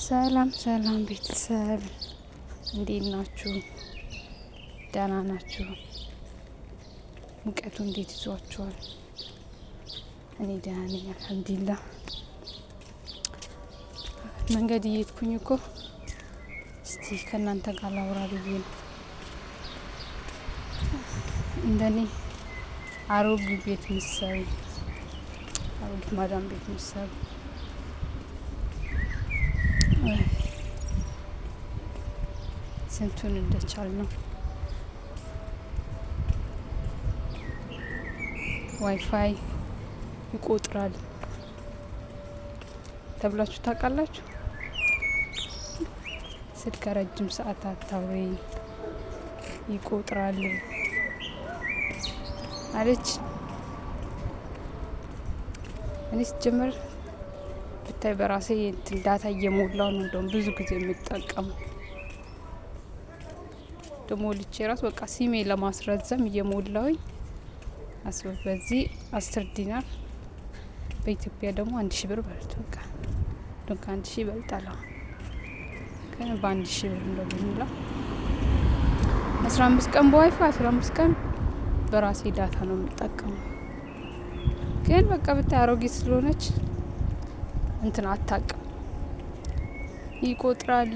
ሰላም ሰላም ቤተሰብ እንዴት ናችሁ? ደህና ናችሁ? ሙቀቱ እንዴት ይዟችኋል? እኔ ደህና ነኝ አልሐምዱሊላህ። መንገድ እየሄድኩኝ እኮ እስቲ ከእናንተ ጋር ላውራ ብዬ ነው። እንደኔ አሮጊት ቤት ምሰሩ፣ አሮጊት ማዳም ቤት ምሰሩ ስንቱን እንደቻል ነው። ዋይፋይ ይቆጥራል ተብላችሁ ታውቃላችሁ? ስልክ ረጅም ሰዓት አታውሪ ይቆጥራል አለች። እኔ ስጀምር ብታይ በራሴ ዳታ እየሞላው ነው። እንደውም ብዙ ጊዜ የምጠቀመው ሞልቼ ራሱ በቃ ሲሜ ለማስረዘም እየሞላውኝ አስበ በዚህ አስር ዲናር በኢትዮጵያ ደግሞ አንድ ሺ ብር በልቶ በቃ እንደው ከአንድ ሺ ይበልጣለሁ። ግን በአንድ ሺ ብር እንደው አስራ አምስት ቀን በዋይፋ አስራ አምስት ቀን በራሴ ዳታ ነው የምጠቀሙ ግን በቃ ብታይ አሮጌ ስለሆነች እንትን አታቅም ይቆጥራል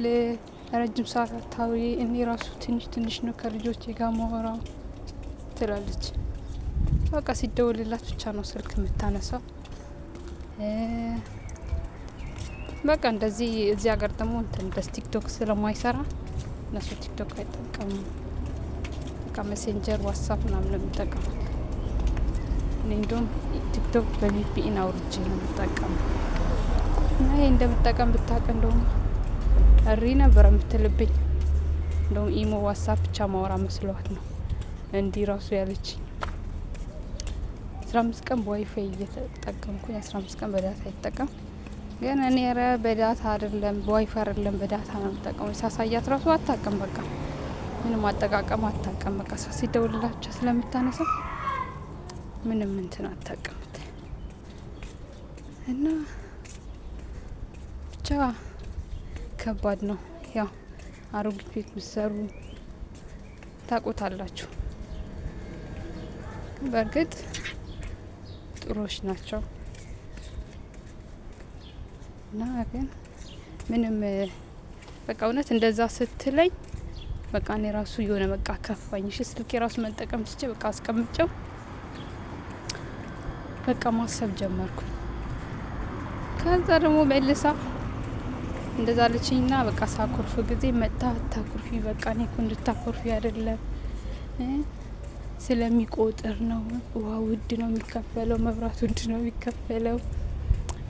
ረጅም ሰዓት አታዊ እኔ ራሱ ትንሽ ትንሽ ነው ከልጆች ጋር መራ ትላለች። በቃ ሲደወልላት ብቻ ነው ስልክ የምታነሳው። በቃ እንደዚህ እዚህ ሀገር ደግሞ እንትን ደስ ቲክቶክ ስለማይሰራ እነሱ ቲክቶክ አይጠቀሙም። በቃ መሴንጀር ዋትሳፕ ምናምን ነው የሚጠቀሙት። እኔ እንዲሁም ቲክቶክ በቪፒኤን አውርጄ ነው የምጠቀሙ እና ይሄ እንደምጠቀም ብታውቅ እንደሆነ እሪ ነበር የምትልብኝ። እንደውም ኢሞ ዋትሳፕ ብቻ ማውራ መስሏት ነው እንዲ ራሱ ያለች። አስራ አምስት ቀን በዋይፋይ እየተጠቀምኩኝ አስራ አምስት ቀን በዳታ ይጠቀም ግን እኔ ረ በዳታ አይደለም በዋይፋይ አይደለም በዳታ ነው የምጠቀሙ። ሳሳያት ራሱ አታቀም በቃ ምንም አጠቃቀም አታቀም በቃ ሰው ሲደውልላቸው ስለምታነሳ ምንም እንትን አታቀምት እና ብቻ ከባድ ነው። ያው አሮጊት ቤት ምሰሩ ታቆታላችሁ። በእርግጥ ጥሩዎች ናቸው እና ግን ምንም በቃ እውነት እንደዛ ስትለኝ በቃ እኔ ራሱ የሆነ በቃ ከፋኝ። እሺ ስልኬ የራሱ መጠቀም ስቼ በቃ አስቀምጨው በቃ ማሰብ ጀመርኩ። ከዛ ደግሞ መልሳ እንደዛ አለችኝ እና በቃ ሳኮርፍ ጊዜ መጥታ አታኮርፊ፣ በቃ እኔ እኮ እንድታኮርፊ አይደለም ስለሚቆጥር ነው። ውሃ ውድ ነው የሚከፈለው፣ መብራት ውድ ነው የሚከፈለው።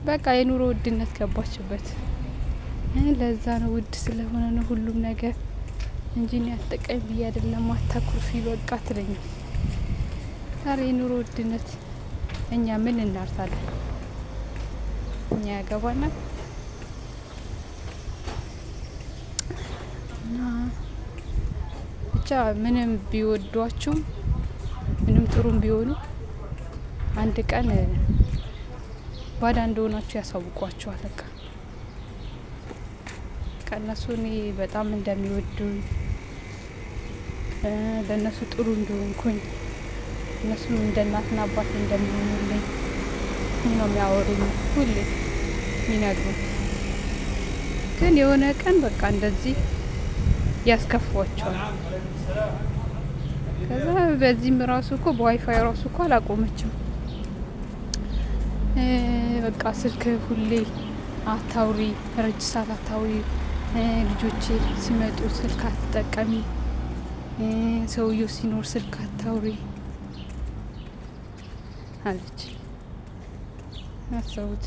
በቃ የኑሮ ውድነት ገባችበት። ለዛ ነው ውድ ስለሆነ ነው ሁሉም ነገር እንጂ እኔ አትጠቀሚ ብዬ አይደለም። አታኮርፊ በቃ ትለኝ ዛሬ የኑሮ ውድነት እኛ ምን እናርታለን? እኛ ያገባናል እና ብቻ ምንም ቢወዷችሁም ምንም ጥሩም ቢሆኑ አንድ ቀን ባዳ እንደሆናችሁ ያሳውቋችኋል። በቃ ከእነሱ እኔ በጣም እንደሚወዱኝ ለእነሱ ጥሩ እንደሆንኩኝ እነሱም እንደ እናትና አባት እንደሚሆኑልኝ ነው የሚያወሩኝ፣ ሁሌ የሚነግሩኝ። ግን የሆነ ቀን በቃ እንደዚህ ያስከፏቸዋል። ከዛ በዚህም ራሱ እኮ በዋይፋይ ራሱ እኮ አላቆመችም። በቃ ስልክ ሁሌ አታውሪ፣ ረጅም ሰዓት አታውሪ፣ ልጆች ሲመጡ ስልክ አትጠቀሚ፣ ሰውየው ሲኖር ስልክ አታውሪ አለች። አሰቡት።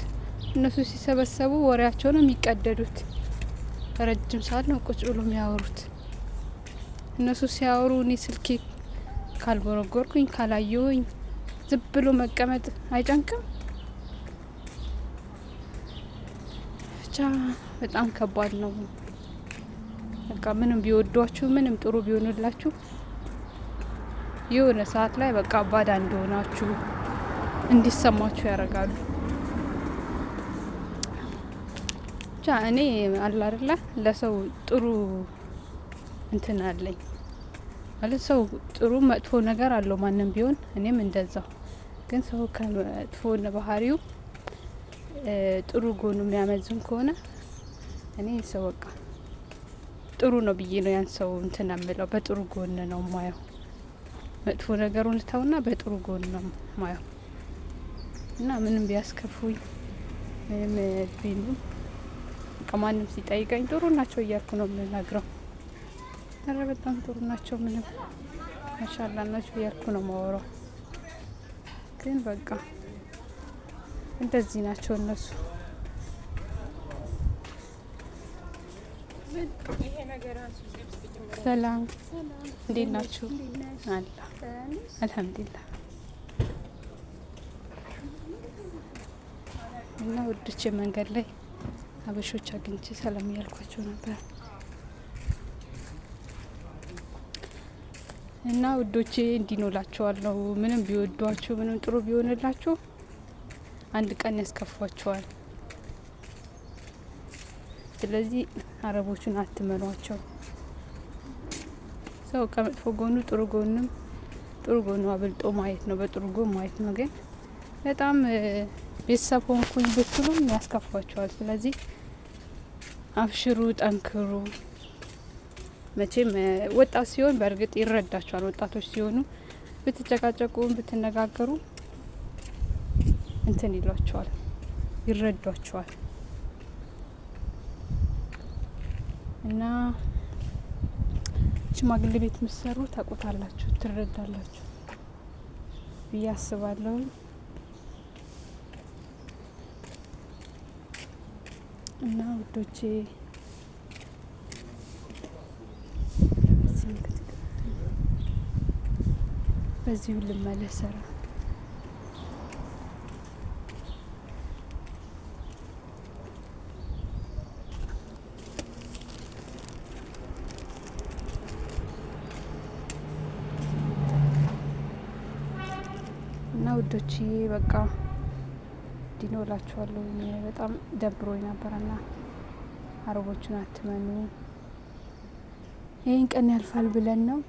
እነሱ ሲሰበሰቡ ወሬያቸው ነው የሚቀደዱት። ረጅም ሰዓት ነው ቁጭ ብሎ የሚያወሩት። እነሱ ሲያወሩ እኔ ስልኬ ካልቦረጎርኩኝ ካላየሁኝ ዝም ብሎ መቀመጥ አይጨንቅም። ብቻ በጣም ከባድ ነው። በቃ ምንም ቢወዷችሁ ምንም ጥሩ ቢሆኑላችሁ የሆነ ሰዓት ላይ በቃ ባዳ እንደሆናችሁ እንዲሰማችሁ ያደርጋሉ። ብቻ እኔ አላርላ ለሰው ጥሩ እንትን አለኝ ማለት ሰው ጥሩ መጥፎ ነገር አለው ማንም ቢሆን እኔም እንደዛው። ግን ሰው ከመጥፎ ባህሪው ጥሩ ጎኑ የሚያመዝን ከሆነ እኔ ሰው በቃ ጥሩ ነው ብዬ ነው ያን ሰው እንትን የምለው። በጥሩ ጎን ነው ማየው። መጥፎ ነገሩን ልተውና በጥሩ ጎን ነው ማየው እና ምንም ቢያስከፉኝ ምንም ቢሉ ከማንም ሲጠይቀኝ ጥሩ ናቸው እያልኩ ነው የምናግረው። ኧረ በጣም ጥሩ ናቸው። ምንም ማሻላ ናቸው እያልኩ ነው ማወራው። ግን በቃ እንደዚህ ናቸው እነሱ። ሰላም እንዴት ናችሁ? አላ አልሐምዱሊላህ። እና ውዶቼ መንገድ ላይ አበሾች አግኝቼ ሰላም እያልኳቸው ነበር። እና ውዶቼ እንዲኖላቸዋለሁ ምንም ቢወዷችሁ ምንም ጥሩ ቢሆንላችሁ አንድ ቀን ያስከፏቸዋል። ስለዚህ አረቦቹን አትመሯቸው ሰው ከመጥፎ ጎኑ ጥሩ ጎንም ጥሩ ጎኑ አብልጦ ማየት ነው፣ በጥሩ ጎን ማየት ነው። ግን በጣም ቤተሰብ ሆንኩኝ ብትሉም ያስከፏቸዋል። ስለዚህ አብሽሩ፣ ጠንክሩ። መቼም ወጣት ሲሆን በእርግጥ ይረዳቸዋል። ወጣቶች ሲሆኑ ብትጨቃጨቁም ብትነጋገሩ እንትን ይሏቸዋል፣ ይረዷቸዋል እና ሽማግሌ ቤት ምሰሩ ታቆታላችሁ፣ ትረዳላችሁ ብዬ አስባለሁ። እና ውዶቼ በዚሁ ልመለስ ስራ እና ውዶች በቃ ዲኖላችኋለሁ። በጣም ደብሮኝ ነበረና አረቦቹን አትመኑ ይህን ቀን ያልፋል ብለን ነው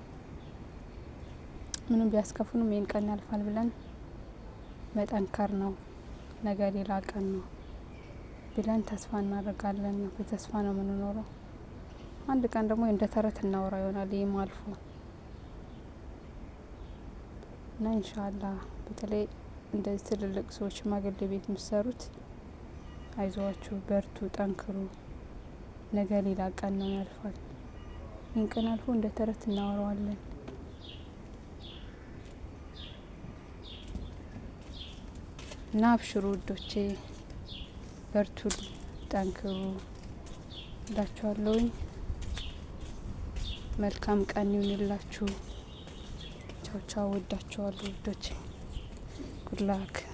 ምንም ቢያስከፉንም ይህን ቀን ያልፋል ብለን መጠንከር ነው። ነገ ሌላ ቀን ነው ብለን ተስፋ እናደርጋለን። በተስፋ ነው የምንኖረው። አንድ ቀን ደግሞ እንደ ተረት እናወራ ይሆናል ይህም አልፎ እና ኢንሻአላ በተለይ እንደዚህ ትልልቅ ሰዎች ማገልደ ቤት የሚሰሩት አይዟችሁ፣ በርቱ፣ ጠንክሩ፣ ነገ ሌላ ቀን ነው ያልፋል። ይህን ቀን አልፎ እንደ ተረት እናወራዋለን። እና አብሽሩ ውዶቼ፣ በርቱ፣ ጠንክሩ እላችኋለሁኝ። መልካም ቀን ይሁንላችሁ። ቻው ቻው። ወዳችኋለሁ ውዶቼ። ጉድ